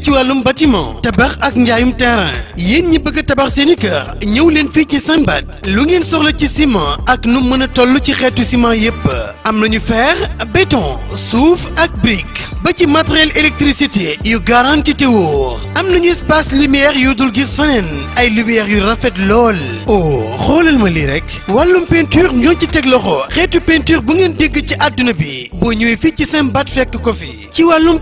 ci wàllum bâtiment tabax ak njaayum terrain yéen ñi bëgg tabax seeni kër ñëw leen fii ci Simbad lu ngeen soxla ci ciment ak nu mën a toll ci xeetu ciment yépp am na nañu fer béton suuf ak brique ba ci matériel électricité yu garanti te wóor am nañu espace lumière yu dul gis faneen ay lumière yu rafet lool oh xoolal ma lii rek wàllum peinture ñoo ci teg loxo xeetu peinture bu ngeen dégg ci àdduna bi boo ñëwee fii ci Simbad fekk ko fi ci wàllum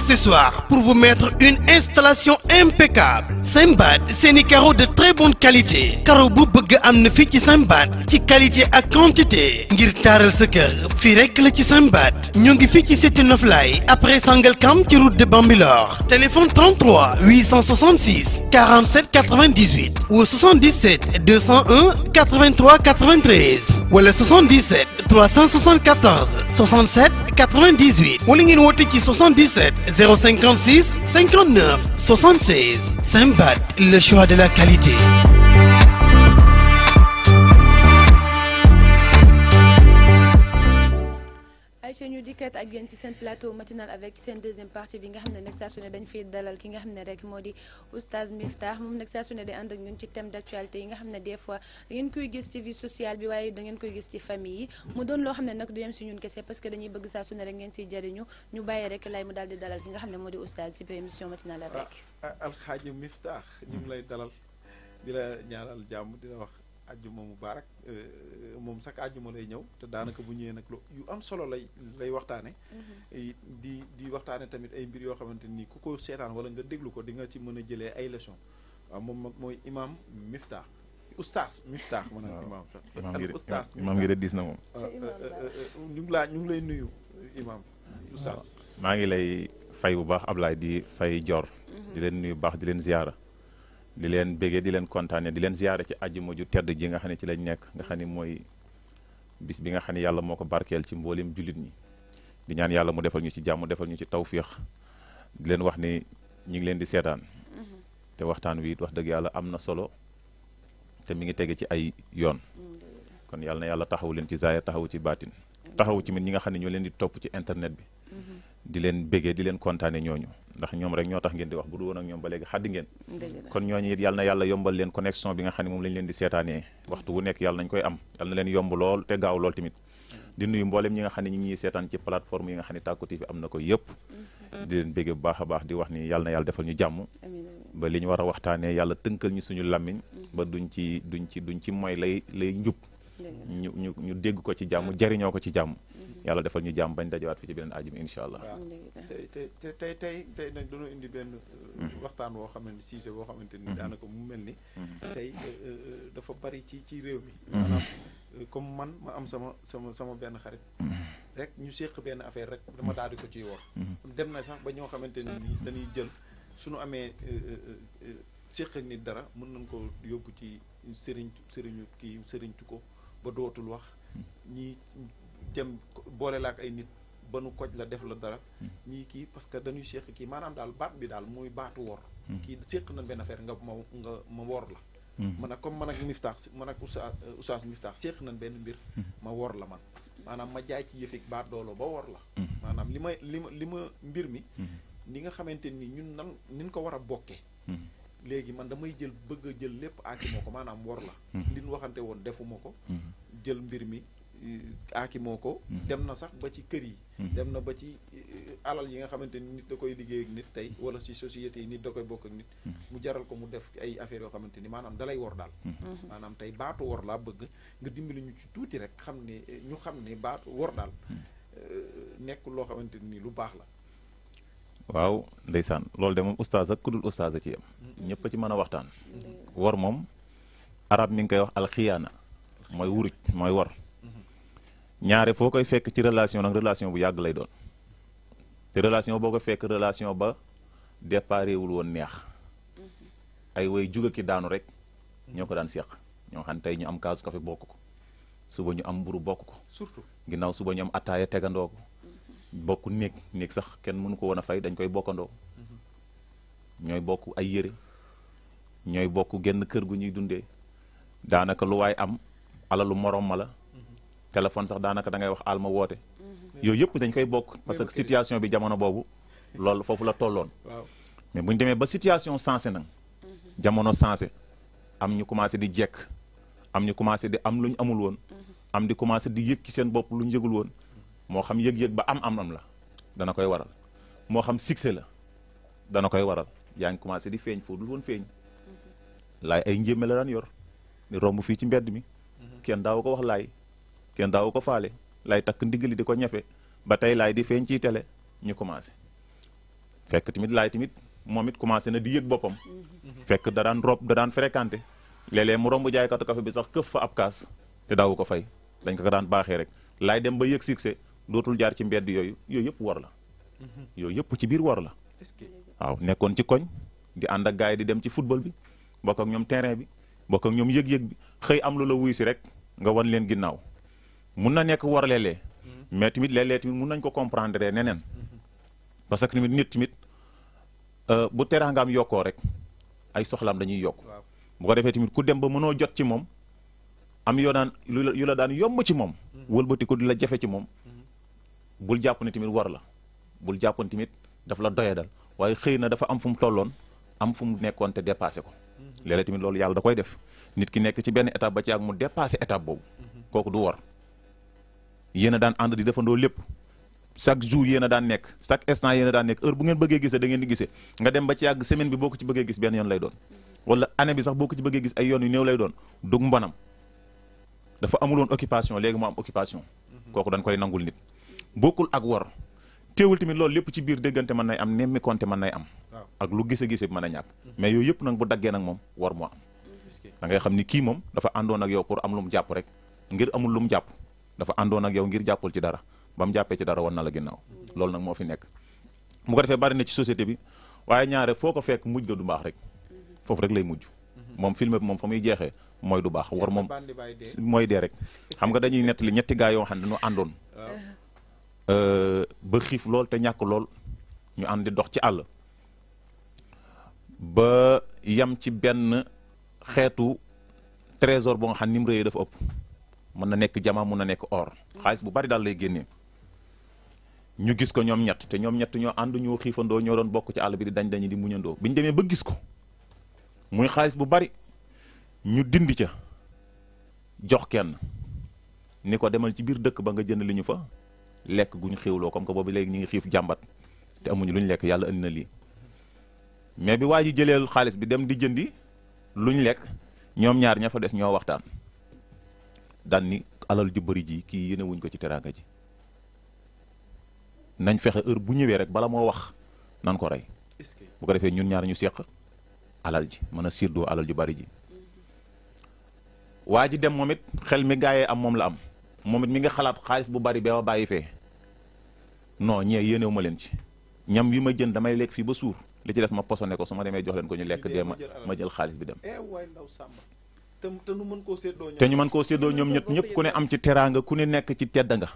accessoires pour vous mettre une installation impeccable Simbad seeni carreau de très bonne qualité carreau bu bëgg am na fii ci Simbad ci qualité ak quantité ngir taaral sa kër fii rek la ci Simbad ñoo ngi fii ci cité Noflaye après Sangalkam ci route de Bambilor téléphone 33 866 47 98 ou 77 201 83 93 wala 77 374 67 98 wala ngeen woote ci 77 056 59 76 Simbat, le choix de la qualité. ñu dikkaat ak yéen ci seen plateau matinal avec seen deuxième partie bi nga xam ne nag saa ne dañ fiy dalal ki nga xam ne rek moo di oustaz Miftah moom nag saa ne day ànd ak ñun ci thème d' yi nga xam ne des fois da koy gis ci vie sociale bi waaye da koy gis ci famille yi mu doon loo xam ne nag du yem si ñun kese parce que dañuy bëgg saa ne rek ngeen siy jëriñu ñu bàyyi rek lay mu daal di dalal ki nga xam ne moo àjjuma mubaarak euh, moom sax àjjuma lay ñëw te daanaka bu ñëwee nag lu yu am solo lay lay waxtaane mhm. di di waxtaane tamit ay mbir yoo xamante ni ku ko seetaan wala nga déglu ko di nga ci mën a jëlee ay leçon waaw moom mag mooy imaam Miftaax oustaz Miftaax mën a imaam sax oustaz imaam ngi diis na moom ah, euh, euh, ñu ngi laa ñu ngi lay nuyu imaam maa ngi lay fay bu baax Ablaye di fay Dior mhm. di leen nuyu baax di leen ziyaara di leen béggee di leen kontaanee di leen ziyaare ci àjjuma ju tedd ji nga xam ne ci lañ nekk nga xam ni mooy bis bi nga xam ne yàlla moo ko barkeel ci mboolem jullit ñi di ñaan yàlla mu defal ñu ci jàmm defal ñu ci tawfiix di leen wax ni ñu ngi leen di seetaan mm-hmm. te waxtaan wi wax dëgg yàlla am na solo te mi ngi tege ci ay yoon kon yàlla yàlla taxaw leen ci zaahir taxaw ci baatin taxaw ci mit ñi nga xam ne ñoo leen di topp ci internet bi mm-hmm. di leen béggee di leen kontaane ñooñu ndax ñoom rek ñoo tax ngeen di wax bu du woon ñoom ba léegi xaddi ngeen kon ñooñu it yal na yàlla yombal leen connexion bi nga xam ne moom lañ leen di seetaanee waxtu wu nekk yàlla nañ koy am yal na leen yomb lool te gaaw lool tamit di nuyu mboolem ñi nga xam ne ñi ngi seetaan ci plateforme yi nga xam ne Tacko TV am na ko yëpp mm-hmm. di leen bégge bu baax a baax di wax ni yàlla yàlla defal ñu jàmm ba li ñu war a waxtaanee yàlla tënkal ñu suñu làmmiñ mm-hmm. ba duñ ci duñ ci duñ ci mooy lay lay njub ñu ñu dégg ko ci jàmm jariñoo ko ci jàmm yàlla defal ñu jàmm bañ dajawaat fi ci beneen ajum incha allah. tey tey tey tey tey nag dañoo indi benn. Mhm. Euh, waxtaan woo xamante ni sujet boo xamante ni mhm. daanaka mu mel ni. Mhm. tey euh, euh, dafa bari ci ci réew mi. maanaam comme man ma am sama sama sama benn xarit. rek ñu séq benn affaire rek dama daal di ko ci wax. dem na sax ba ñoo xamante ni dañuy jël suñu amee séq ak nit dara mën nañ ko yóbbu ci sëriñ sëriñu kii sëriñtu ko ba dootul wax jëm boole la ak ay nit ba nu koj la def la dara hmm. ñii kii parce que dañuy séq kii maanaam daal baat bi daal muy baatu wor hmm. kii séq na benn affaire nga ma nga ma wor la hmm. man ak comme man ak Miftaax man ak Oustaz euh, Oustaz benn mbir ma wor la man maanaam ma jaay ci yëfik baat doolo ba wor la maanaam li ma li ma li ma mbir mi ni nga xamante nii ñun nan nin ko war a bokkee léegi man damay jël bëgg a jël lépp aaki moo ko maanaam wor la li waxante woon defuma ko jël mbir mi aaki moo ko mhm. dem na sax ba ci kër yi mhm. dem na ba ci eh, alal yi nga xamante ni nit da koy liggéey ak nit tey mhm. wala si société yi nit da koy bokk ak nit mu jaral ko mu def ay affaires yoo xamante ni maanaam dalay wor daal maanaam tey baatu wor laa bëgg nga dimbali ñu ci tuuti rek xam ne eh, ñu xam ne baatu wor daal eh, nekk loo xamante ni lu baax la waaw ndeysaan loolu de moom oustaz ak ku dul a ci yam ñëpp a ci mën a waxtaan wor moom arab mi ngi koy wax alxiyaana mooy ñaare foo koy fekk ci relation nag relation bu yàgg lay doon te relation boo ko fekk relation ba déparewul woon neex mhm. ay way juga ki daanu rek ñoo ko daan seq ñoo xam tey ñu am kaasu kafe bokk ko suba ñu am mburu bokk ko surtout ginnaaw suba ñu am attaaya tegandoo ko mhm. bokk néeg néeg sax kenn mënu ko woon a fay dañ koy bokkandoo mhm. ñooy bokk ay yére ñooy bokk genn kër gu ñuy dundee daanaka lu waay am alalu moroom ma la téléphone sax daanaka da ngay wax alma woote mm-hmm. yooyu yëpp dañ koy bokk parce que situation bi jamono boobu loolu foofu la tolloon mais bu ñu demee ba situation sensé nag mm-hmm. jamono sensé am ñu commencé di jekk am ñu commencé di am lu ñu amul woon mm-hmm. am di commencé di yëg ci seen bopp lu ñu yëgul woon moo xam yëg-yëg ba am am am la dana koy waral moo xam succès la dana koy waral yaa ngi commencé di feeñ foo dul woon feeñ laay ay njéeme la daan yor romb fii ci mbedd mi kenn ko wax laay kenn daawu ko faale lay takk li di ko ñafe ba tey laay di feeñ ci télé ñu commencé fekk tamit lay tamit moom it commencé na di yëg boppam fekk da daan rob da daan fréquenté léeg-léeg mu romb jaaykatu café bi sax këf fa ab kaas te daawu ko fay dañ ko daan baaxee rek laay dem ba yëg se dootul jaar ci mbedd yooyu yooyu yëpp war la yooyu yëpp ci biir war la waaw nekkoon ci koñ di ànd ak gars di dem ci football bi bokk ak ñoom terrain bi bokk ak ñoom yëg-yëg xëy am lu la wuy si rek nga wan leen ginnaaw mun na nekk war lee léeg mm-hmm. mais tamit léeg-léeg tamit mun nañ ko comprendre neneen mm-hmm. parce que tamit nit tamit euh, bu teraangaam yokkoo rek ay soxlaam dañuy yokk bu ko defee tamit ku dem ba mënoo jot ci moom am yoo daan yu la daan yomb ci moom mm-hmm. wëlbati ko di la jafe ci moom bul jàpp ne tamit war la bul jàpp ne tamit daf la doye dal waaye xëy na dafa am fu mu tolloon am fu mu nekkoon te dépassé ko léeg-léeg tamit loolu yàlla da koy def nit ki nekk ci benn étape ba ci ak mu dépassé étape boobu kooku du war yéen daan ànd di defandoo lépp chaque jour yéen a daan nekk chaque instant yéen a daan nekk heure bu ngeen bëggee gisee da ngeen di gisee nga dem ba ci yàgg semaine bi boo ko ci bëggee gis benn yoon lay doon wala année bi sax boo ko ci bëggee gis ay yoon yu néew lay doon dug mbanam dafa amuloon occupation léegi mu am occupation mhm. kooku dañ koy nangul nit bokkul ak war teewul tamit loolu lépp ci biir déggante mën nay am nemmi konte mën nay am ak lu gis gise bi mën a mhm. mais yooyu yëpp nag bu daggee nag moom war moo xam ni kii moom dafa àndoon ak yow pour am lu mu jàpp rek ngir amul lu mu jàpp dafa àndoon ak yow ngir jàppool ci dara ba mu jàppee ci dara wan na la ginnaaw loolu nag moo fi nekk mu ko defee bari na ci société bi waaye ñaare foo ko fekk mujj ga du baax rek foofu rek lay mujj moom film bi moom fa muy jeexee mooy du baax war moom mooy dee rek xam nga dañuy nettali ñetti gaa yoo xam ne dañoo àndoon euh, ba xiif lool te ñàkk lool ñu ànd di dox ci àll ba yam ci benn xeetu trésor boo nga xam ni mu rëyee dafa ëpp mën na nekk jama mun na nekk or xaalis bu bari daal lay génnee ñu gis ko ñoom ñett te ñoom ñett ñoo ànd ñoo xiifandoo ñoo doon bokk ci àll bi di dañ dañ di muñandoo bi ñu demee ba gis ko muy xaalis bu bari ñu dind ca jox kenn ni ko demal ci biir dëkk ba nga jënd li ñu fa lekk gu ñu xiwloo comme que boobu léegi ñu ngi xiif jàmbat te amuñu lu ñu lekk yàlla indi na lii mais bi waa ji jëleel xaalis bi dem di jëndi lu ñu lekk ñoom ñaar ña fa des ñoo waxtaan daan ni alal ju bari ji kii yéene ko ci teraanga ji nañ fexe heure bu ñëwee rek bala moo wax nan ko rey bu ko defee ñun ñaar ñu seq alal ji mën a sirdoo alal ju bari ji waa ji dem moom it xel mi gaayee am moom la am moom it mi nga xalaat xaalis bu bari bee ma bàyyi fee non ñee yéenewu ma leen ci ñam yi ma jën damay lekk fii ba suur li ci des ma posone ko su ma demee jox leen ko ñu lekk dee ma ma jël xaalis bi dem eh te ñu mën koo séddoo te ñu mën koo séddoo ñoom ñett ku ne am ci teraanga ku ne nekk ci tedd nga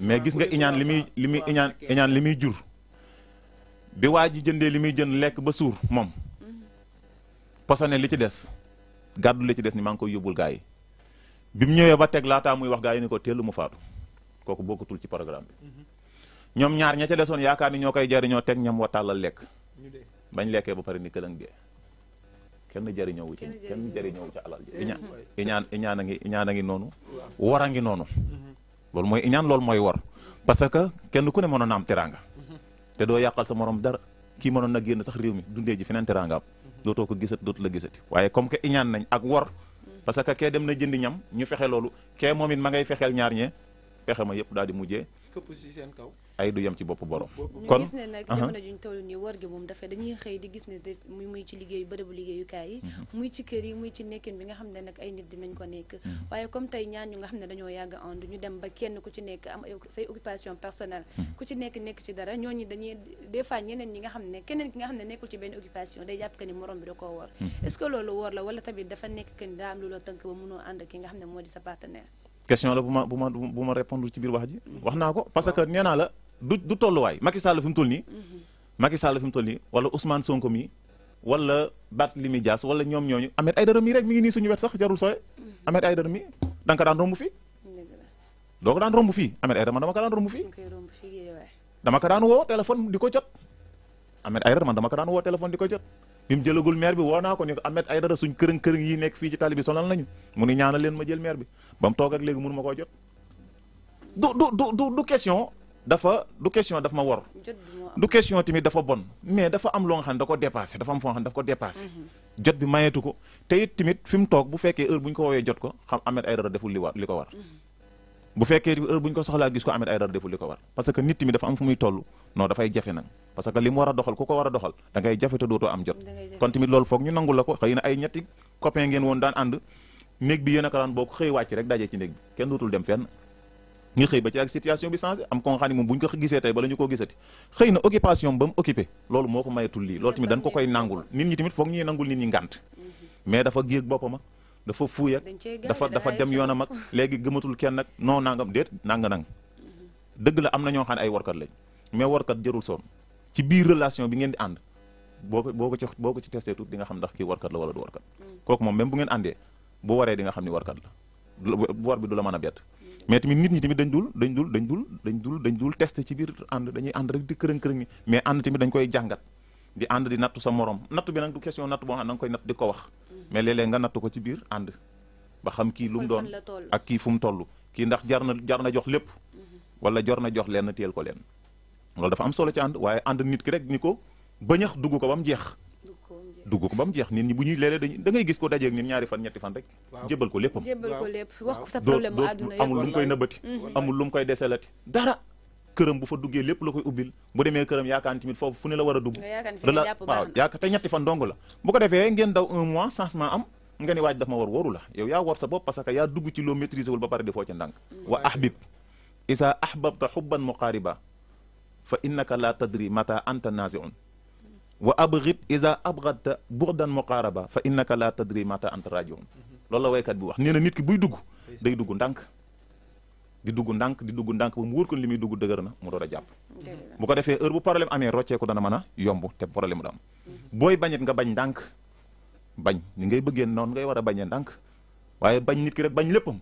mais gis nga iñaan li muy li muy iñaan iñaan li muy jur bi waa ji jëndee li muy jën lekk ba suur moom posone li ci des gàddu li ci des ni maa ngi koy yóbbul gaa yi bi mu ñëwee ba teg laataa muy wax gaa yi ni ko teelu mu faatu kooku bokkatul ci programme bi ñoom ñaar ña ca desoon yaakaar ni ñoo koy jariñoo teg ñam wa tàllal lekk bañ lekkee ba pare ni këlang dee kenn jëriñoowu ci kenn jëriñoowu ci alal ji iñaan iñaan iñaan iñaan a noonu war a ngi noonu mm-hmm. loolu mooy iñaan loolu mooy war parce que kenn ku ne mënoon na am teraanga mm-hmm. te doo yàqal sa morom dara kii mënoon na génn sax réew mi dundee ji feneen teraangaam mm-hmm. dootoo ko gisat dootu la gisati waaye comme que iñaan nañ ak war parce que kee dem na jëndi ñam ñu fexe loolu kee moom it ma ngay fexeel ñaar ñee fexe ma yëpp daal di mujjee këpp si seen kaw ay du yem ci bopp borom. kon gis ne nag jamono juñ toll nii war gi moom dafay dañuy xëy di gis ne de muy ci liggéeyu bërëbu liggéeyukaay yi. Mhm. muy ci kër yi muy ci nekkin bi nga xam ne nag ay nit dinañ ko nekk. Mhm. waaye comme tey ñaan ñu nga xam ne dañoo yàgg ànd ba kenn ku ci nekk am say occupation personnelle. Mhm. ku nekk nekk ci dara ñooñu dañuy des fois ñeneen ñi nga xam ne keneen ki nga xam ne nekkul ci benn occupation day jàpp que ni morom bi da koo war. est-ce que loolu war la wala tamit dafa nekk que ni daa am lu la tënk ba mënoo ànd ki nga xam ne moo di sa partenaire question la bu ma bu ma wax ji wax naa ko parce la du du tolluwaay Macky Sall fi mu toll nii. Mhm. Macky Sall fi mu toll nii wala Ousmane Sonko mi wala Barthélémy Dias wala ñoom ñooñu Ahmed Aïdara mi rek mi ngi nii suñu wet sax jarul sooy. Mhm. Ahmed Aïdara mi da nga daan romb fii. doo ko daan romb fii Ahmed Aïdara man dama ka daan romb fii. dama ko daan woo téléphone di ko jot. Ahmed Aïdara man dama ko daan woo téléphone di ko jot. bi mu jëlagul maire bi woo naa ko ni ko Ahmed Aïdara suñ kërëng kërëng yi nekk fii ci tali bi sonal nañu mu ni ñaanal leen ma jël maire bi ba mu toog ak léegi mënu ma koo jot. du du du du question dafa du question daf ma wor du question tamit dafa bon mais dafa am loo nga xam da ko dépassé dafa am foo nga xam ne daf ko dépassé mhm. jot bi mayeetu ko it tamit fi mu toog bu fekkee heure bu ñu woowee jot ko xam Ahmed Aidara deful li war li ko war mhm. fekkee heure bu ñu ko soxlaa gis ko Ahmed Aidara deful parce que nit tamit dafa am fu muy toll non dafay jafe nag parce que li mu war a doxal ku ko war a doxal dangay ngay jafe te dootoo am jot kon tamit loolu foog ñu nangu la ko xëy na ay ñetti copain ngeen woon daan ànd néeg bi yéen a ko daan boo ko xëy wàcc rek dajee ci néeg bi kenn dootul dem fenn nga xëy ba ci ak situation bi changé am ko nga xam ne moom bu ñu ko gisee tey bala ñu koo gisati xëy na occupation ba mu occupé loolu moo ko mayatul lii loolu tamit dañ ko koy nangul nit ñi tamit foog ñuy nangul nit ñi ngànt mais dafa géeg boppam ak dafa fuuy ak dafa dafa dem yoonam mag léegi gëmatul kenn ak non nangam déet nanga nang dëgg la am na ñoo xam ne ay warkat lañ mais warkat jërul soon ci biir relation bi ngeen di ànd boo ko boo ko ci boo ko ci testé tuuti nga xam ndax kii warkat la wala du warkat mm. kooku moom bu ngeen àndee bu waree di nga xam ni warkat la war bi du la mën a bett mais tamit nit ñi tamit dañ dul dañ dul dañ dul dañ dul dañ dul test ci biir ànd dañuy ànd rek di kërën kërën mais ànd tamit dañ koy jàngat di ànd di nattu sa morom nattu bi nag du question nattu boo xam ne koy natt di ko wax mais léeg nga nattu ko ci biir ànd ba xam kii lu mu doon ak kii fu mu toll kii ndax jar na jar na jox lépp mhm. wala jor na jox leen teel ko leen loolu dafa am solo ci ànd waaye ànd nit ki rek ni ko bëñax dugg ko ba mu jeex dugg ko ba mu jeex nit ñi bu ñuy léeg da ngay gis ko dajeeg nit ñaari fan ñetti fan rek jébbal ko léppam jébbal ko lépp wax ko sa problème àdduna amul lu koy nëbbati mm-hmm. amul lu mu koy deselati dara këram bu fa duggee lépp la koy ubbil bu demee këram yaakaar tamit foofu fu ne la war a dugg la waaw yaakaar te ñetti fan dong la bu ko defee ngeen daw un mois changement am nga ni waaj daf ma war waru la yow yaa war sa bopp parce que yaa dugg ci loo maîtriser wul ba pare defoo ca ndànk mm-hmm. wa ahbib isa ahbabta xubban muqaariba fa innaka la tadri mata anta naziun wa abrit isa abrata burdan muqaraba fa innaka la tadri mata anta rajoon loolu la waykat bi wax nee na nit ki buy dugg day dugg ndànk di dugg ndànk di dugg ndànk ba mu wër ko li muy dugg dëgër na mu door a jàpp bu ko defee heure bu problème amee rocceeku dana mën a yomb te problème du am booy bañeet nga bañ ndànk bañ ni ngay bëggee noonu ngay war a bañee ndànk waaye bañ nit ki rek bañ léppam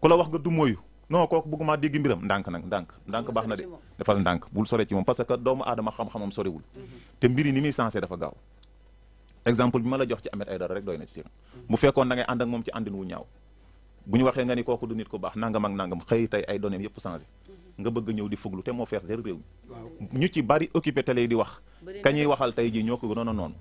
ku la wax nga du mooyu non kooku bëgguma dégg mbiram ndànk nag ndànk ndànk baax na de defal ndànk bul sore ci moom parce que doomu aadama xam-xamam sorewul mhm. te mbir yi ni muy sensé dafa gaaw exemple bi ma la jox ci ay dara rek doy na ci sir mhm. mu fekkoon moom ci àndin wu ñaaw bu ñu waxee nga ni kooku du nit ku baax nangam ak nangam xëy tey ay données yëpp changé mhm. nga bëgg ñëw di fuglu te moo fees der réew ñu ci bari occupé te yi di wax kañuy waxal tey ji ñoo ko gënoon a noonu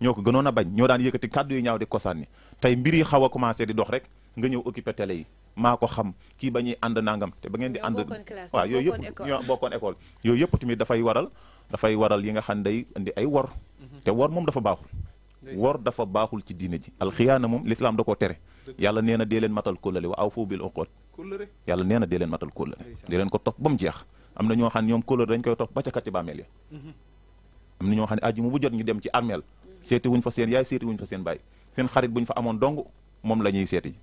ñoo ko gënoon a bañ ñoo daan yëkkati kàddu yu ñaaw di ko sànni tey mbir yi xaw a commencé di dox rek nga ñëw occupé télé yi maa xam kii ba ñuy ànd nangam te ba ngeen di ànd waaw yooyu yëpp ñoo bokkoon école yooyu yëpp tamit dafay waral dafay waral yi nga xam day indi ay wor mhm. te wor moom dafa baaxul wor dafa baaxul ci diine ji alxiyaana moom lislaam da koo tere yàlla nee na dee leen matal kóllëre wa aw foofu bil uqud yàlla nee na dee leen matal kóllëre dee leen ko topp ba mu jeex am na ñoo xam ne ñoom kóllëre dañ koy topp ba mhm. ñoo xam ne àjjuma bu jot ñu dem ci armeel seeti wuñ fa seen yaay seeti wuñ fa seen baay seen xarit buñ fa amoon dong moom la ñuy seeti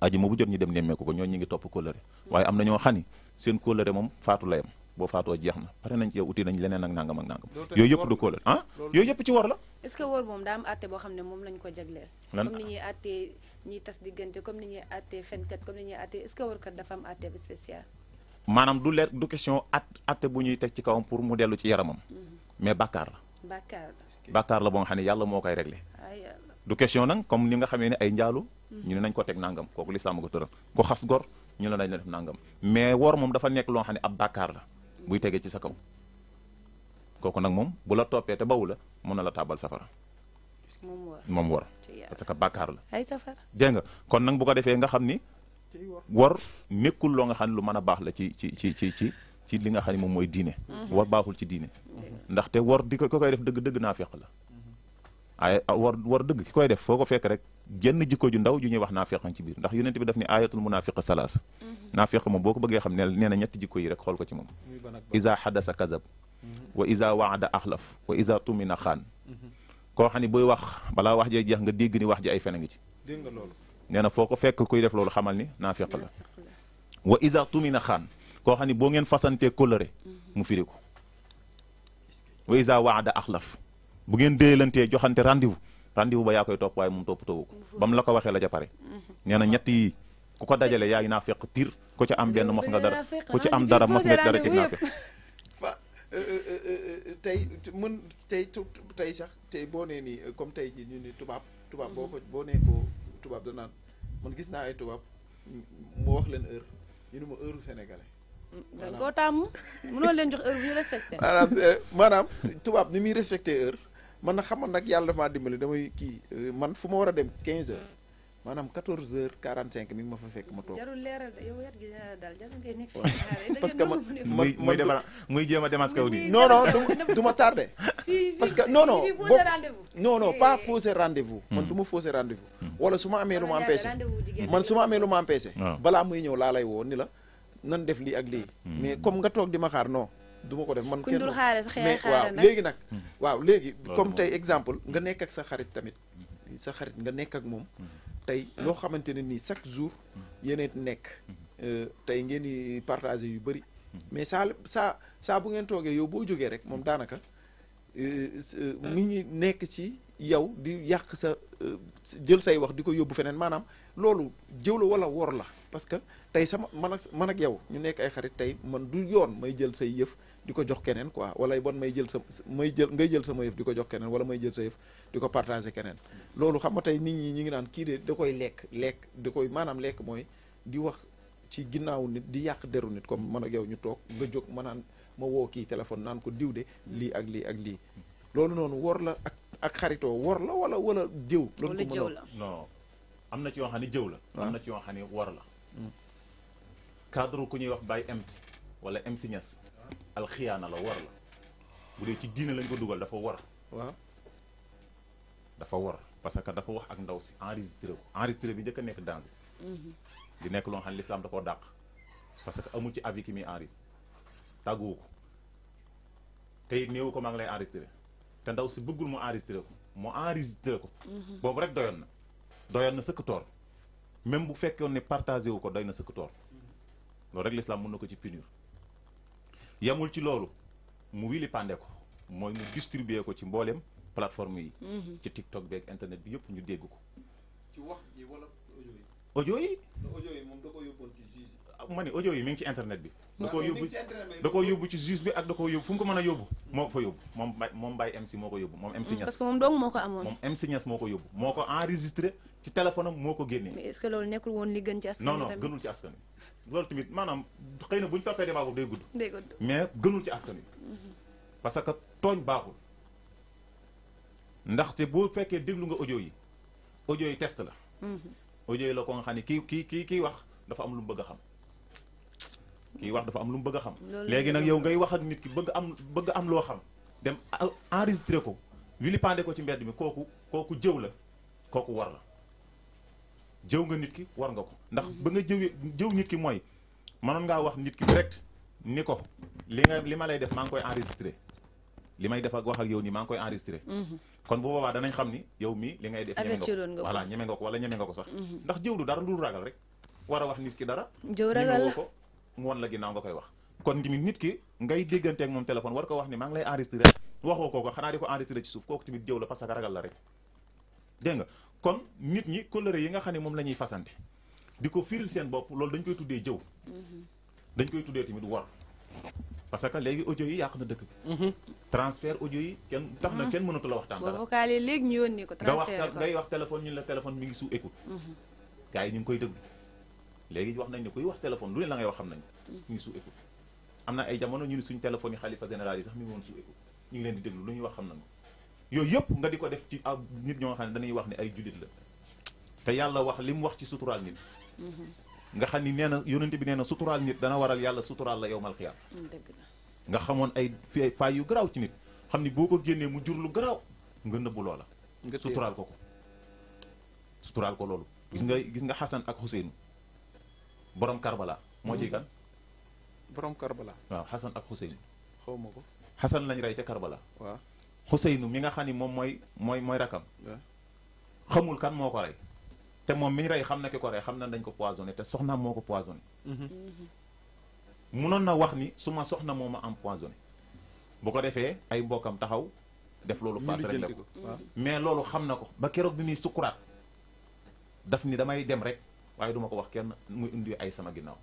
ajuma bu jot ñu dem nemmeeku ko ñoo ñi ngi topp kóllëre waaye am na ñoo xam seen kóllëre moom faatu la yam boo faatoo jeex na pare nañ ci yow uti nañ leneen ak nangam ak nangam yooyu yëpp du kóllëre ah yooyu yëpp ci wor la est-ce que wor moom daa am àtte boo xam ne moom lañ ko jagleel comme ni ñuy àttee comme ni ñuy àttee fenkat comme ni ñuy àttee est-ce que warkat dafa am àtte bi maanaam du leer du question at àtte bu ñuy teg ci kawam pour mu dellu ci yaramam mm-hmm. mais bàkkaar la bàkkaar la bàkkaar la boo nga xam ne yàlla moo koy réglé ah, du question nag comme ni nga xamee ne ay njaalu ñu ne nañ ko teg nangam kooku lislaam ko tëral ko xas gor ñu ne nañ la def nangam mais wor moom dafa nekk loo xam ne ab bàkkaar la tegee ci sa kaw kooku nag moom bu la toppee te bawu la mën na la tàbbal safara moom wor parce que bàkkaar la ay safara dégg nga kon nag bu ko defee nga xam ni wor nekkul loo nga xam ne lu mën a baax la ci ci ci ci ci ci li nga xam ne moom mooy diine mhm. war baaxul ci diine mhm. ndaxte war di ko koy def dëgg dëgg naa feq la mhm. ay war war dëgg ki koy def foo fekk rek jenn jikko ju ndaw ju ñuy wax naa feqan ci biir ndax yonent bi daf ne aayatul munaafiq salaas naa feq moom boo ko bëggee xam ne nee na ñetti jikko yi rek xool ko ci moom isa xadasa kazab wa isa waada axlaf wa isa tumina xaan koo xam ne buy wax balaa wax jee jeex nga dégg ni wax ji ay fen a ngi ci nee na foo ko fekk kuy def loolu xamal ni naa feq la wa isa tumina xaan koo xam ni boo ngeen fasantee kóllëre mu firi ko wa isa waada axlaf bu ngeen déelantee joxante rendez-vous rendez-vous ba yaa koy topp waaye moom toppatoo ko ba mu la ko waxee la ca pare nee na ñett ku ko dajale yaa ngi naa fekk pire ku ca am benn mos nga dara ko ci am dara mos nga dara ci naa fekk euh, euh, euh, tey mën tey tey sax tey boo nee nii comme tey ji ñu ni tubaab tubaab boo ko boo nee ko tubaab da naan man gis naa ay tubaab mu wax leen heure ñu ne ma heure sénégalais da nga koo tàmm mënoo leen jox heure bu ñu euh, maanaam tubaab ni muy respecté heure man na xam nag yàlla dafa maa dimbali damay kii euh, man fu ma war a dem quinze heures maanaam 14 heures 45 mi ngi ma fa fekk ma toog. jarul leeral parce que man muy muy dema jéem a démasqué wu di. non non du ma tardé. parce que non non boobu non non eh, pas eh. fausser rendez man hmm. du ma fausser rendez-vous. Hmm. wala su ma amee lu ma empêché man ah. su ma amee lu ma empêché. balaa muy ñëw laa lay woo ni la. nan def lii ak lii. Hmm. mais comme nga toog di ma xaar non. duma ko def man kenn mais hmm. waaw léegi nag. waaw léegi comme tey exemple nga nekk ak sa xarit tamit. Hmm. sa xarit nga nekk ak moom. tey loo xamante ne nii chaque jour. yeneen nekk. Euh, tey ngeen di partagé yu bëri. mais saa saa saa bu ngeen toogee yow boo jógee rek moom daanaka mi euh, euh, ngi nekk ci. yow di yàq sa euh, jël say wax di ko yóbbu feneen maanaam loolu jëw la wala woor la parce que tey sama man ak man ak yow ñu nekk ay xarit tey man du yoon may jël say yëf di ko jox keneen quoi wala bon may jël sa may jël ngay jël sama yëf di ko jox keneen wala may jël sa yëf di ko partager keneen loolu xam nga tey nit ñi ñu ngi naan kii de da koy lekk lekk da koy maanaam lekk mooy di wax ci ginnaawu nit di yàq deru nit comme man ak yow ñu toog nga jóg ma naan ma woo kii téléphone naan ko diw de lii ak lii ak lii loolu noonu wor la ak ak xaritoo wor la wala wala jëw. loolu ko jëw la non am na ci yoo xam ne jëw la. Ah. am na ci yoo xam ne wor la. Hmm. cadre ku ñuy wax Baye MC wala MC Niass alxiyaana la wor la bu dee ci diine lañ ko dugal dafa wor. waaw dafa wor parce que dafa wax ak ndaw si enregistré ko enregistré bi njëkk a nekk danger. Mhm. di nekk loo xam ne l'islam dàq parce que amul ci avis ki muy enregistré tàgguwu ko te it ko maa ngi lay enregistré. te ndaw si bëggul mu enregistré ko mu enregistré ko. boobu rek doyoon na doyoon na sëkk toor même bu fekkoon ne partagé wu ko doy na sëkk toor loolu rek l'islam mën na ko ci punir yemul ci loolu mu wili pande ko mooy mu distribuer ko ci mbooleem plateforme yi. Mhm. ci TikTok beeg internet bi yëpp ñu dégg ko. ma ni audio yi mi ngi ci internet bi da koo yóbbu da koo yóbbu ci juge bi ak da koo yóbbu fu mu ko mën a yóbbu moo ko fa yóbbu moom bay MC moo ko yóbbu moom MC mm, Niass parce moom dong moo ko amoon moom MC Niass moo ko yóbbu moo ko enregistré ci téléphone am moo ko génnee mais est-ce que loolu nekkul woon li gën ci askan non loolu tamit maanaam xëy na bu ñu toppee débat boobu day gudd day mais gënul ci askan wi mm-hmm. parce que tooñ baaxul ndaxte boo fekkee déglu nga audio yi audio yi test la mm-hmm. audio yi la ko kii kii kii wax dafa am lu bëgg a kii wax dafa am lu mu bëgg a xam léegi nag yow ngay wax ak nit ki bëgg am bëgg am loo xam dem enregistré ko vilipendé ko ci mbedd mi kooku kooku jëw la kooku war la jëw nga nit ki war nga ko ndax mm-hmm. ba nga jëwee jëw nit ki mooy mënoon ngaa wax nit ki direct ni ko li li ma lay def maa ngi koy enregistré li may def ak wax ak yow nii maa ngi koy enregistré mm-hmm. kon bu boobaa danañ xam ni yow mii li ngay def ñeme nga ko voilà ñeme nga ko wala ñeme nga ko sax mm-hmm. ndax jëw du dara lu ragal rek war wax nit ki dara jëw ragal la mu wan la ginnaaw nga koy wax kon tamit nit ki ngay déggante moom téléphone war ko wax ni maa lay enregistré waxoo ko xanaa di ko enregistré ci suuf kooku tamit jëw la parce que yi nga xam ne moom la ñuy fasante di ko firil seen bopp loolu dañ koy tuddee jëw dañ koy tuddee tamit war parce que léegi audio yi yàq na dëkk bi mhm. transfert audio yi kenn tax na mhm. kenn mënatu a waxtaan dara vocal yi léegi ñu yónnee ko transfert nga wax ngay wax mhm. yi ñu ngi koy déglu léegi wax nañ ne kuy wax téléphone lu ne la ngay wax xam nañ ñu ngi sous am na ay jamono ñu ni suñ téléphone yi xalifa général yi sax mi ngi woon sous écoute ñu ngi leen di déglu lu ñuy wax xam nañ yooyu yëpp nga di ko def ci ab nit ñoo xam ne dañuy wax ne ay jullit la te yàlla wax li mu wax ci suturaal nit nga xam ni nee na yonent bi nee na suturaal nit dana waral yàlla suturaal la yow mal xiyaam mm, nga xamoon ay faay yu garaaw ci nit xam ni boo ko génnee mu jur lu garaaw nga nëbbu loola suturaal ko ko suturaal ko loolu gis nga gis nga Xasan ak Xuseyn borom Karbala moo ciy hmm. kan. borom Karbala. waaw Xasan ak Xuseyn. xaw ma ko Xasan lañ rey ca Karbala. waaw Xuseynu mi nga xam ni moom mooy mooy mooy rakam. xamul kan moo ko rey. te moom mi ñu rey xam na ki ko rey xam na dañ ko poisonné te soxna moo ko poisonné. Mhm. munoon na wax ni su ma soxna moo ma empoisonné. bu ko defee ay mbokkam taxaw. def loolu faas rek la ko mais loolu xam na ko ba keroog bi muy sukkuraat daf ni damay dem rek. waaye duma ko wax kenn muy indi ay sama ginnaaw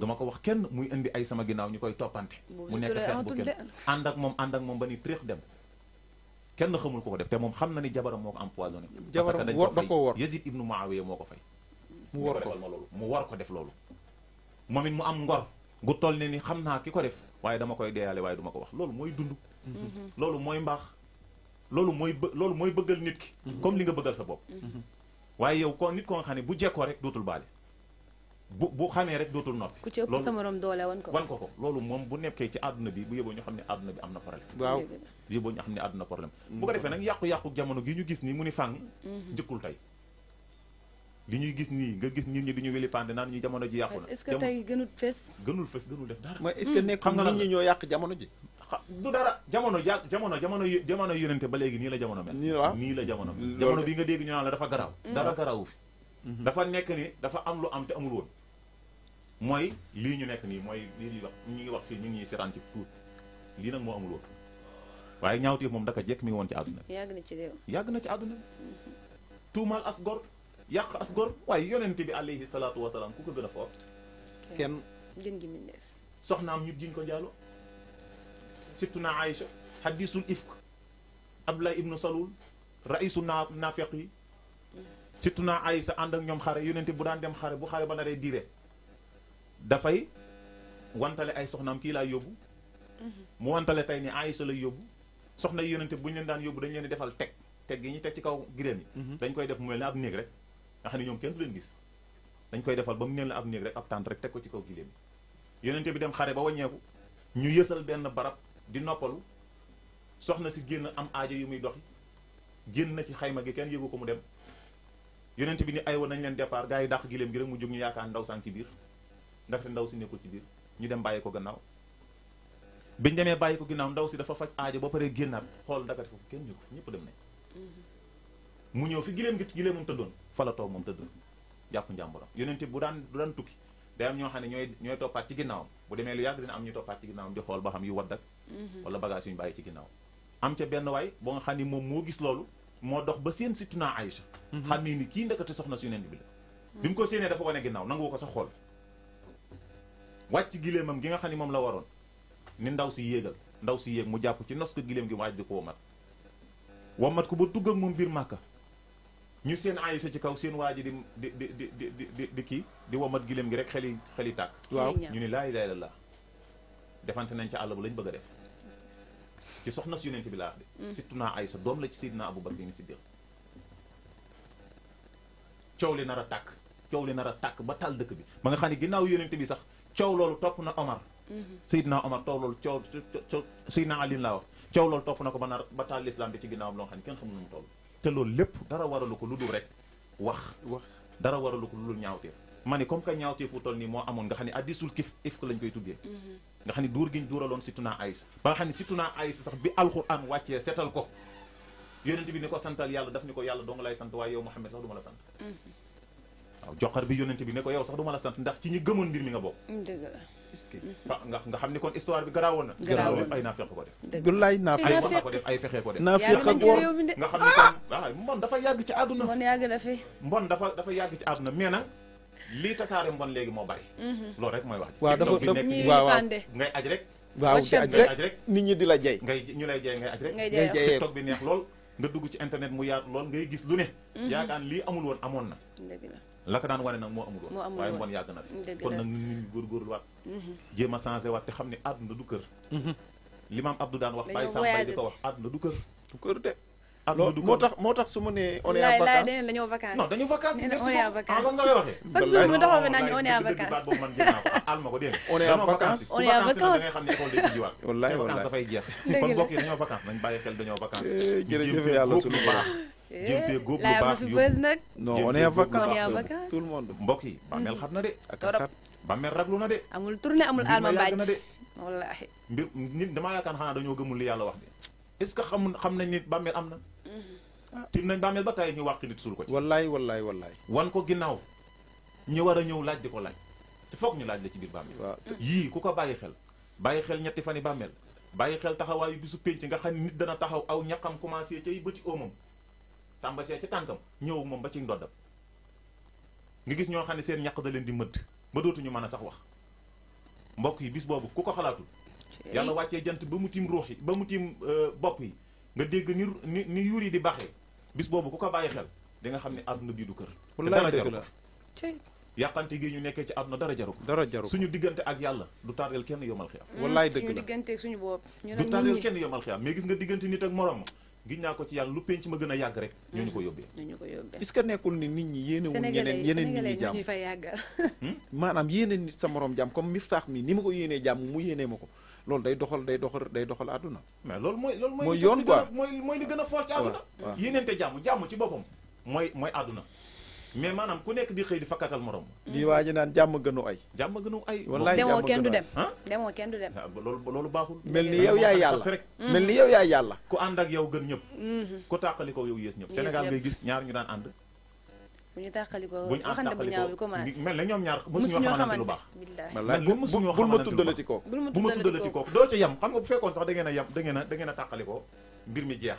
duma ko wax kenn muy indi ay sama ginnaaw ñu koy toppante mu nekk xeex bu kenn ànd ak moom ànd ak moom ba ni triix dem kenn xamul ko ko def te moom xam na ni jabaram moo ko empoisonné parce que dañ ko fay Yazid ibnu Muawiya moo ko fay mu war ko loolu mu war ko def loolu moom it mu am ngor gu toll ne ni xam naa ki ko def waaye dama koy deeyaale waaye duma ko wax loolu mooy dund mhm. loolu mooy mbaax loolu mooy bë loolu mooy bëggal nit ki mhm. comme li nga bëggal sa bopp mhm. waaye yow ko nit ko nga xam ne bu jekkoo rek dootul baale bu bu xamee rek dootul noppi. ku ci ëpp sa morom doole wan ko wan ko ko loolu moom bu nekkee ci àdduna bi bu yeboo ñu xam ne àdduna bi am na problème. waaw bu yóbboo ne àdduna problème. Mm-hmm. bu ko defee nag yàqu-yàqu jamono gi ñu gis nii mu ni fang. Mm-hmm. jëkkul tey. li ñuy gis nii nga gis nit ñi du ñu weli pande naa ñu jamono ji yàqu na. est-ce que tey gënul fes. gënul fes gënul def dara. mooy est-ce que mm. nekkul nit ñi ñoo yàq jamono ji. Ah, du dara jamono ja jamono jamono jamono yonente ba léegi nii la jamono mel. nii la waaw nii la jamono mel. jamono bi nga dégg ñu naan la dafa garaaw. Mm. dara garaawu fi. Mm-hmm. dafa nekk ni dafa am lu am te amul woon. mooy lii ñu nekk nii mooy lii ñuy wax ñu ngi wax fii ñu ngi ñuy seetaan ci tuut lii nag moo amul woon waaye ñaawteef moom daka jekk mi ngi woon ci àdduna bi. yàgg na ci réew yàgg na ci àdduna bi. Mm-hmm. tuumaal as gor yàq as gor waaye yonente bi alayhi salaatu wasalaam ku ko gën a fort. kenn gën gi mi neef soxnaam ñu jiñ ko njaalo sittuna Aïcha hadisul ifk Abdullah ibnu Salul raisu naa nafiq yi sittuna Aïcha ànd ak ñoom xare yonente bu daan dem xare bu xare ba naree diire dafay wantale ay soxnaam kii laay yóbbu mu wantale tey ni Aïcha lay yóbbu soxna yonente bu ñu leen daan yóbbu dañu leen defal teg teg yi ñuy teg ci kaw giréem yi mhm. dañ koy def mu mel ne ab néeg rek nga xam ne ñoom kenn du leen gis dañ koy defal ba mu neen la ab néeg rek ab tànt rek teg ko ci kaw giléem yi yonente bi dem xare ba wàññeeku ñu yësal benn barab di noppalu soxna si génn am aajo yu muy doxi génn na ci xayma gi kenn yëgu ko mu dem yonent bi ni ay woon nañ leen départ gars yi dàq giléem gi rek mu jóg ñu yaakaar ndaw sang ci biir ndaxte ndaw si nekkul ci biir ñu dem bàyyi ko gannaaw biñ demee bàyyi ko ginnaaw ndaw si dafa faj aajo ba pare génnaat xool ndakati foofu kenn ñu ko ñëpp dem nañ mhm. mu ñëw fi giléem gi giléem moom tëddoon fa la toog moom tëddoon jàpp njàmburam yonent bu daan bu daan tukki day am ñoo xam ne ñooy ñooy toppaat ci ginnaawam bu demee lu yàgg dina am ñu toppaat ci ginnaawam di xool ba xam yu wadd ak mhm. wala bagage yu ñu bàyyi ci ginnaaw am ca benn waay boo nga xam ni moom moo gis loolu moo dox ba seen naa Aïcha mhm. xam ni ni kii ndekete soxna su Yonent bi la mhm. bi mu ko séenee dafa wane ginnaaw nangu ko sax xool wàcc gileemam gi nga xam ni moom la waroon ni ndaw si yéegal ndaw si yéeg mu jàpp ci nos ko gileem gi mu aj di ko wamat ko ba dugg ak moom ñu seen Aïssa ci kaw seen waa ji di di di di di di kii di womat gileem gi rek xel yi xel yi tàkk. waaw ñu ni laa ilaaha illallaah defante nañ ca àll bu lañ bëgg a def. ci soxna si yonent bi laa wax de. Mm. surtout naa Aïssa doom la ci Seydina Abu Bakr ni Siddiq coow li nar a tàkk coow li nar a tàkk ba taal dëkk bi ba nga xam ne ginnaaw yonent bi sax coow loolu topp na Omar. Mm-hmm. Seydina Omar coow loolu coow coow Seydina Ali laa wax coow loolu topp na ko ba nar ba taal lislaam bi loo xam ne kenn xamul nu mu te loolu lépp dara waralu ko lu dul rek wax wax dara waralu ko lu dul ñaawteef ma ni comme que ñaawteef fu toll nii moo amoon nga xam ne addisul kif if lañ koy tuddee mm-hmm. nga xam ne duur gi ñu duuraloon situna Aysa ba nga xam ne situna Aysa sax bi alxuraan wàccee seetal ko yonent bi ni ko santal yàlla daf ni ko yàlla doo nga lay sant waaye yow Muhammad sax du ma la sant mm-hmm. waaw joxar bi yonent bi ne ko yow sax du ma la sant ndax ci ñi gëmoon mbir mi nga nga xam ni kon histoire bi garaawoon na. garaawoon na ay naafeq ko def. dëgg la ay naafeq ko def ay fexe ko def. naafeq ko nga mbon dafa yàgg ci àdduna. mbon na fi. mbon dafa dafa yàgg ci àdduna mais nag lii tasaare mbon léegi moo bari. Mhm. loolu rek mooy wax. waaw dafa dafa ñii ngay aj rek. waaw di nit ñi di la jey. ngay ñu lay jey ngay aj rek. ngay jeyee TikTok bi neex lool. nga dugg ci internet mu yaatu lool ngay gis lu ne. Mhm. yaakaar lii amul woon amoon na. dëgg laka daan wane nag moo amul woon waaye mbon yàgg na fi kon nag ñun ñu góorgóorlu waat mhm. jéem a changé waat te xam ne àdduna du kër mhm. li maam Abdou daan wax Baye Sam Baye di ko wax àdduna du kër du kër de loolu moo tax moo tax su ma nee on est en vacances laay dañoo vacances non dañoo vacances merci beaucoup ah, nga koy waxee chaque jour bu taxaw bi naan on est en xam ne école day jiwaat wallaay wallaay dafay jeex kon mbokk yi dañoo vacances nañ bàyyi xel dañoo vacances eh, jërëjëf yàlla sunu baax jëm fee góob lu baax yu non on est en vacances yi bàmmeel xat na de ak xat bàmmeel raglu na de amul tournée amul alma mbaaj na mbir nit damaa yaakaar xanaa dañoo gëmul li yàlla wax de est-ce que xam na nañ nit bàmmeel am na mm-hmm. ah. tim nañ bàmmeel ba tey ñu wàq nit suul ko ci wallaay wallaay wallaay wan ko ginnaaw ñu war a ñëw laaj di ko laaj te foog ñu laaj la ci biir bàmmeel yii ku ko bàyyi xel bàyyi xel ñetti fani bàmmeel bàyyi xel taxawaayu bisu pénc nga xam ne nit dana taxaw aw ñaqam commencé cay bëti óomam tàmbasee ci tànkam ñëw moom ba ci ndoddam nga gis ñoo xam ne seen ñaq da leen di mët ba dootuñu mën a sax wax mbokk yi bis boobu ku ko xalaatul yàlla wàccee jant ba mu tiim ruux yi ba mu tiim euh, bopp yi nga dégg ni ni ni yuur yi di baxee bis boobu ku ko bàyyi xel di nga xam ne àdduna bii du kër te dara jaru ko yàqante gi ñu nekkee ci àdduna dara jaru ko dara jaru suñu diggante ak yàlla du tardeel kenn yomal xiyam wallaay hmm, dëgg la suñu diggante suñu gis nga diggante nit ak morom giñ naa ko ci yàlla lu penc ma gën a yàgg rek. ñoo mhm. ñu ko yóbbee. ñoo ko yóbbee est-ce nekkul ni nit ñi yéene wuñ ñeneen yeneen nit ñi jàmm hmm? maanaam yéene nit sa moroom jàmm comme miftaax mi ni ma ko yéenee jàmm mu yéenee ma ko loolu day doxal day doxal day doxal àdduna. mais loolu mooy loolu mooy. mooy yoon mooy mooy li gën a fort ci àdduna. yéeneente jàmm jàmm ci boppam mooy mooy àdduna mais maanaam ku nekk di xëy di fakkatal morom. di waa ji naan jàmm gënu ay. jàmm gënu ay. wallaay demoo kenn du dem. demoo kenn du dem. loolu loolu baaxul. mel ni yow yaay yàlla mel ku ànd ak yow gën ñëpp. Mhm. ku tàqali ko yow yées ñëpp. Sénégal gis ñaar ñu daan ànd. bu ñu tàqali ko waxante bu ñaaw bi commencé lu baax wallaay bul ma tuddalati kooku doo ci yam xam nga bu fekkoon sax da a yam da ngeen a da ngeen ko mbir mi jeex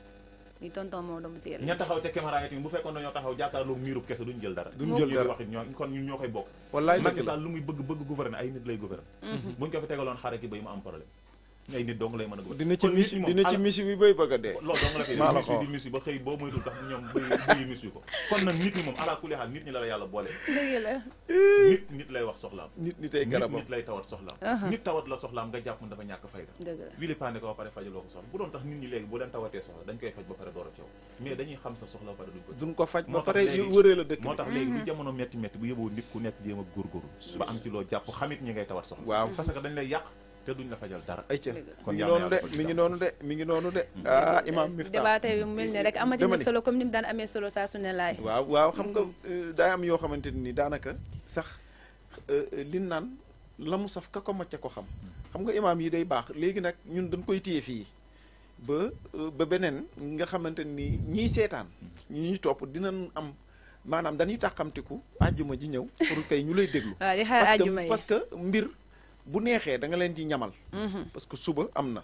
ni taxaw ca caméra yi tamit fekkoon dañoo taxaw jàkkaarloo miirub kese duñ jël dara. duñ jël dara wax ñoo kon ñoo koy bokk. wallaay dëgg lu muy bëgg bëgg gouverner ay nit lay gouverner. Mm-hmm. buñ ko fi tegaloon xare ki bay mu am problème ay nit dong lay mën a góor dina ci miss dina ci miss bi bay bëgg a dee loolu dong la koy def miss bi di miss ba xëy boo moytul sax ñoom bëy miss ko kon nag nit ñi moom ala kulli xaal nit ñi la la yàlla boole dëgg la nit nit lay wax soxlaam nit nit ay garabam nit lay tawat soxlaam uh-huh. nit tawat la soxlaam nga jàpp dafa ñàkk fayda wili paande ko ba pare fajaloo ko soxla bu doon sax nit ñi léegi boo leen tawatee soxla dañ koy faj ba pare door a coow mais dañuy xam sa soxla ba pare duñ ko duñ ko faj ba pare wëree la dëkk moo tax léegi lu mm-hmm. jamono metti metti bu yóbboo nit ku nekk jéem a góorgóorlu ba am ci loo jàpp xamit ñi ngay tawat soxla waaw parce que dañ lay yàq te duñ la fajal dara. ayca kon mi ngi noonu de mi ngi noonu de mi ngi noonu de. ah imaam Miftah débat tey bi mu mel ne rek amati na solo waaw waaw xam nga euh, daa am yoo xamante ni daanaka sax euh, li naan la mu saf ka ko macca ko xam. xam nga imaam yi day baax léegi nag ñun dañ koy téye fii ba euh, ba beneen nga xamante ni ñii seetaan ñi ñuy topp dinañ am. maanaam dañuy taxamtiku àjjuma ji ñëw pour kay ñu lay déglu. parce que que mbir bu neexee da nga leen di ñamal. Mhm. parce que suba am na.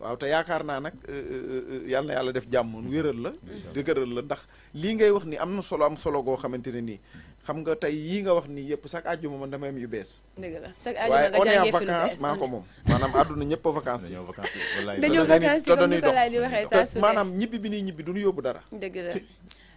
waaw te yaakaar naa nag euh, euh, euh, yal na yàlla def jàmm wéral la. Mhm. dëgëral la ndax lii ngay wax ni am na solo am solo goo xamante ne nii. xam nga tey yii nga wax nii yëpp chaque àjjuma man damay am yu bees. dëgg la a àjjuma nga jàngee film bees maa ko moom maanaam àdduna ñëpp a vacances yi. dañoo vacances yi comme ni maanaam ñibbi bi nii ñibbi du ñu yóbbu dara.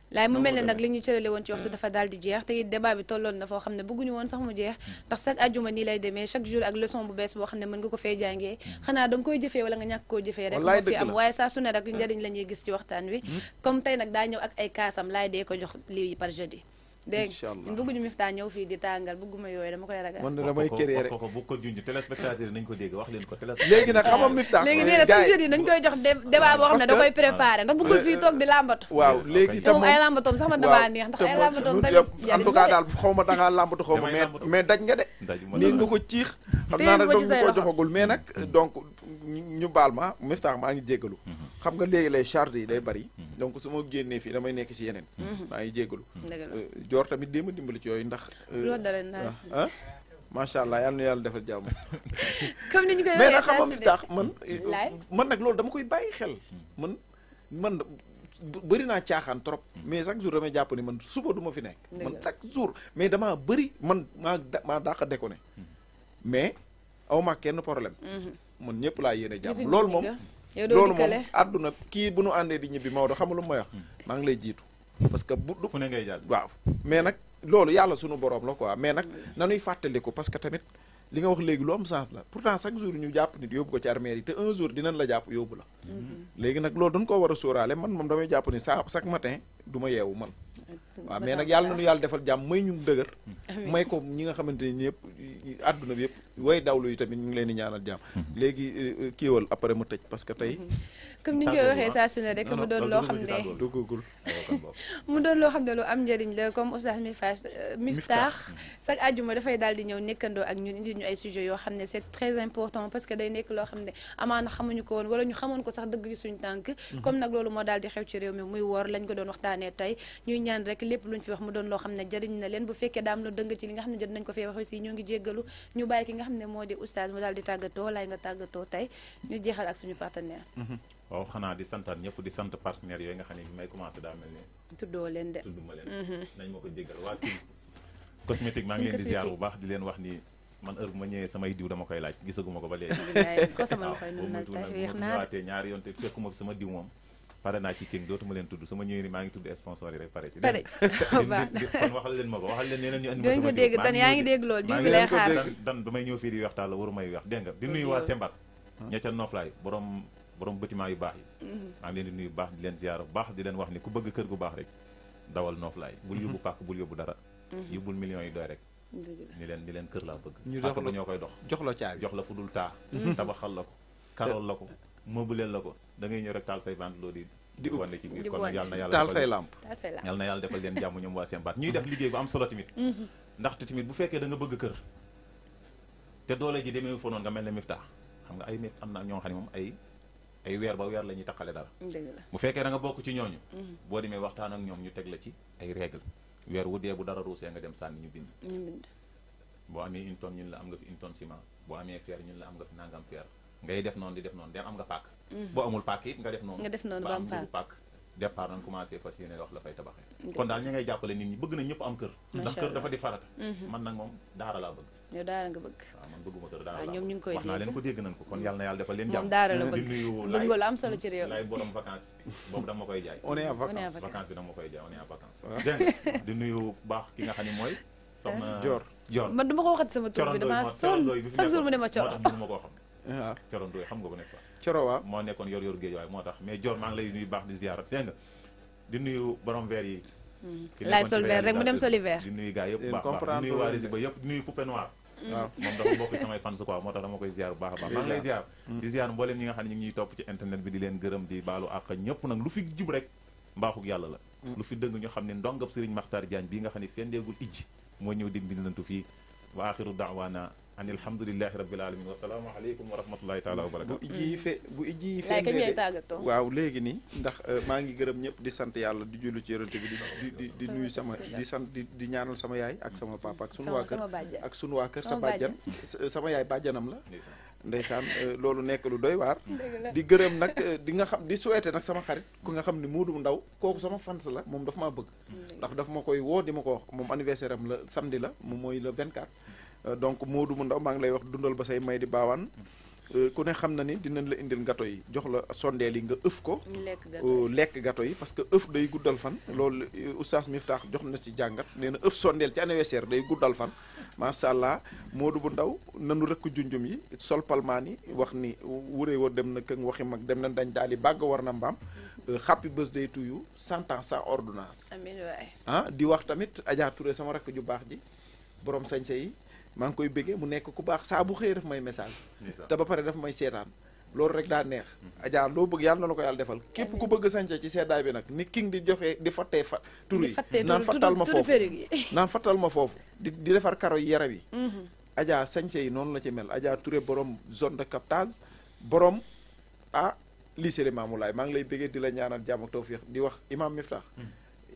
laay mu mel ne nag li ñu cërale woon ci waxtu dafa daal di jeex te it débat bi tolloon na foo xam ne bëgguñu woon sax mu jeex ndax chaque ajuma nii lay demee chaque jour ak leçon bu bees boo xam ne mën nga ko fee jàngee hmm. xanaa danga koy jëfee wala nga ñàkk koo jëfee rek moo fi am waaye saa su ne rek hmm. njëriñ la ñuy gis ci waxtaan wi hmm. comme tey nag daa ñëw ak ay kaasam laay dee ko jox lii par jeudi dégg nga bëgguñu Mifta ñëw fii di tàngal bëgguma yooyu dama koy ragal. man de damay créer ko junj téléspectateur yi nañ ko dégg wax leen léegi nag xam nga léegi nee na sa jeune yi dañ koy jox débat boo xam ne da koy préparé ndax bëggul fii sax man damaa neex ndax ay làmbatoom tamit en daal xaw ma dangaa làmbatu xaw ma mais nga de nii nga ko ciix xam naa nag doon ñu ko donc ñu baal ma Mifta maa ngi jéggalu mm-hmm. xam nga léegi lay charge yi day bari donc su ma génnee fii damay nekk si yeneen mhm. maa ngi euh, joor tamit ma dimbali ci yooyu ndax euh, ah macha allah yal na yàlla defal jàmm comme ni mais xam man euh, man loolu dama koy bàyyi xel man man bëri naa caaxaan trop mm. mais chaque jour damay jàpp ni man suba duma fi nekk man chaque jour mais damaa bëri man maa maa dàq déconné mm. mais aw ma kenn problème mm-hmm. man ñëpp laa yéene jàmm lool moom loolu moom àdduna kii bu nu àndee di ñibbi Maodo xamul lu may wax hmm. maa ngi lay jiitu parce que bu fu ne ngay jàll waaw mais nag loolu yàlla sunu borom la quoi mais nag nanuy fàttaliku parce que tamit li nga wax léegi lu am sens la pourtant chaque jour ñu jàpp nit yóbbu ko ci armée yi te un jour dinañ la jàpp yóbbu la mm-hmm. léegi nag loolu dañ koo war a sóoraale man moom damay jàpp ni saa chaque matin du ma yeewu man waaw mais nag yàlla na nu yàlla defal jàmm may ñu dëgër may ko ñi nga xamante ni ñëpp àdduna bi yëpp way dawlu yi tamit ñu leen ñaanal jàmm mm-hmm. léegi euh, euh, kiiwal après mu tëj parce que tey mm-hmm. comme ni ñu doon loo xam ne lu am njëriñ la comme oustaz euh, Miftaax Miftaax mm-hmm. chaque àjjuma dafay daal di ñëw nekkandoo ak ñun indi ñu ay sujets yoo xam ne c'est très important parce que day nekk loo xam ne amaana xamuñu ko woon wala ñu xamoon ko sax dëgg suñu tànk comme nag loolu lépp luñ fi wax mu doon loo xam ne jariñ na leen bu fekkee daam lu dëng ci li nga xam ne jot nañ ko fee wax aussi ñoo ngi jéggalu ñu bàyyi ki nga xam ne moo di oustaz mu daal di tàggatoo laay nga tàggatoo tey ñu jeexal ak suñu partenaire mhm. waaw xanaa di santaan ñëpp di sant partenaire yooyu nga xam ne may commencé daa mel ne tuddoo leen de tudduma leen mhm. nañ ma ko jéggal waa cosmétique maa ngi leen di ziar bu baax di leen wax ni man heure bu ma ñëwee samay dama koy laaj gisaguma ko ba léegi waaw boobu ñaari yoon te fekkuma sama diw moom pare naa ci king dootuma leen tudd su ma ñëwee ni maa ngi tudd sponsor yi rek pare ci pare waxal leen ma ko waxal leen yeneen ñu andi ma ko dégg dan yaa ngi dégg loolu jiw bi lay xaar dan damay ñëw fii di waxtaal la waru may wax dégg nga di nuyu waa Sembar ah. ña ca Noflaay borom borom bâtiment yu baax yi mm-hmm. maa ngi leen di nuyu baax di leen ziyaar bu baax di leen wax ni ku bëgg kër gu baax rek dawal Noflaay mm-hmm. bul yóbbu pàkk bul yóbbu dara mm-hmm. yóbbul million yi doy rek ni leen ni leen kër laa bëgg ñu jox la ñoo koy dox jox la caabi jox la fu dul taa tabaxal la ko karool la ko mëbuleel la ko dangay ngay ñëw rek taal say vente loolu di wane ci biir kon yàlla na yàlla taal say lamp yàlla na yàlla defal leen jàmm ñoom waa seen baat ñuy def liggéey bu am solo tamit mhm. ndaxte tamit bu fekkee da nga bëgg kër te doole ji demee fa noonu nga mel ne Miftah xam nga ay mit am na ñoo xam ne moom ay ay weer ba weer la ñuy taqale dara bu fekkee da nga bokk ci ñooñu mhm. boo demee waxtaan ak ñoom ñu teg la ci ay règle weer wu dee bu dara ruusee nga dem sànni ñu bind boo amee une tonne ñun la am nga fi une tonne ciment boo amee fer ñun la am nga fi nangam fer ngay def noonu di def noonu dem am nga pàkk. Mhm. boo amul pàkk it nga def noonu. nga def noonu ba am pàkk départ nañ commencé fas yéene wax la fay tabaxee. kon daal ñi ngay jàppale nit ñi bëgg na ñëpp am kër. ndax kër dafa di farata. Mhm. man nag moom daara laa bëgg. yow daara nga bëgg. waaw man bëgguma kër daara ah, laa bëgg ñoom ñu ngi koy dégg wax naa leen ko dégg nañ ko kon yàlla na yàlla defal leen jàmm. moom koy jaay. on est à vacances vacances bi koy jaay on est à ne mooy. Eh? soxna Dior Dior man du ma ko waxati sama bi dama ma coro waaw Coro Ndoye xam nga ko n'est-ce pas Coro waaw moo nekkoon yor yor géej waaye moo tax mais Dior maa lay nuyu baax di ziar dégg di nuyu borom verre yi hmm. laay sol rek mu dem soli di nuyu gars yëpp baax baax di nuyu waa Rési hmm. moom dafa moo koy ziar bu baax a baax maa lay ziar hmm. di ziar mboolem ñi nga xam ne ñuy topp ci internet bi di leen gërëm di baalu àq ñëpp nag lu fi jub rek mbaaxuk yàlla la lu fi dëng ñu xam ne ndongab Serigne Makhtar Diagne bii nga xam ne fendeegul ijji moo ani alhamdulilahi rabbil alamin wasalaamu aleykum wa rahmatullahi taala wa barakatu bu ijji fe bu ijji feeñee de waaw léegi nii ndax euh, maa ngi gërëm ñëpp di sant yàlla di jullu ci yorante bi di di di nuyu sama di sant di ñaanal sama yaay ak sama papa ak sunu waa kër ak sunu waa kër sa bàjjan sama yaay bàjjanam la ndeysaan euh, loolu nekk lu doy waar di gërëm nag euh, di nga xam di souhaité nag sama xarit ku nga xam ni Moodu Ndaw kooku sama fans la moom dafa maa bëgg ndax daf ma koy woo di ma ko wax moom anniversaire am la samedi la moom mooy le 24 Euh, donc moodu mu ndaw maa ngi lay wax dundal ba say may di baawaan euh, ku ne xam na ni dinañ la indil ngato yi jox la sondeel yi nga ëf ko lekk ngato euh, yi parce que ëf day guddal fan loolu oustaz Miftaax jox na ci jàngat nee na ëf sondeel ci anniversaire day guddal fan macha allah Modou bu ndaw nanu rëkk junjum yi sol palmaan wax ni wuree wa dem na këng waxi mag dem na dañ daal di bàgg war na mbaam happy bës to you cent ans sans ordonnance ah di wax tamit Adja Touré sama rakk ju baax ji borom sañse yi maa ngi koy bëggee mu nekk ku baax saa bu xëyee daf may message te ba pare daf may seetaan loolu rek daa neex mm-hmm. ajaa loo bëgg yàlla na la ko yàlla defal képp ku bëgg sance ci seddaay bi nag ni king di joxe di fattee fa tur yi naan fattal ma foofu naan fattal ma foofu di di defar karo yi yaram yi mm-hmm. Adja sance yi noonu la ci mel Adja Touré borom zone de boroom a ah lycée Mamoulaye maa ngi lay bëggee di la ñaanal jàmm ak tawfiq di wax imam Miftah mm.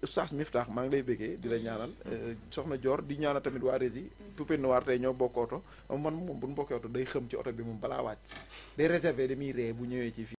Oustaz Miftaax maa ngi lay bëggee di la ñaanal eh, soxna Dior di ñaanal tamit waa Rési poupée noire tey ñoo bokk oto man moom bu bokkee oto day xëm ci oto bi moom balaa wàcc day réservé damuy ree bu ñëwee ci fii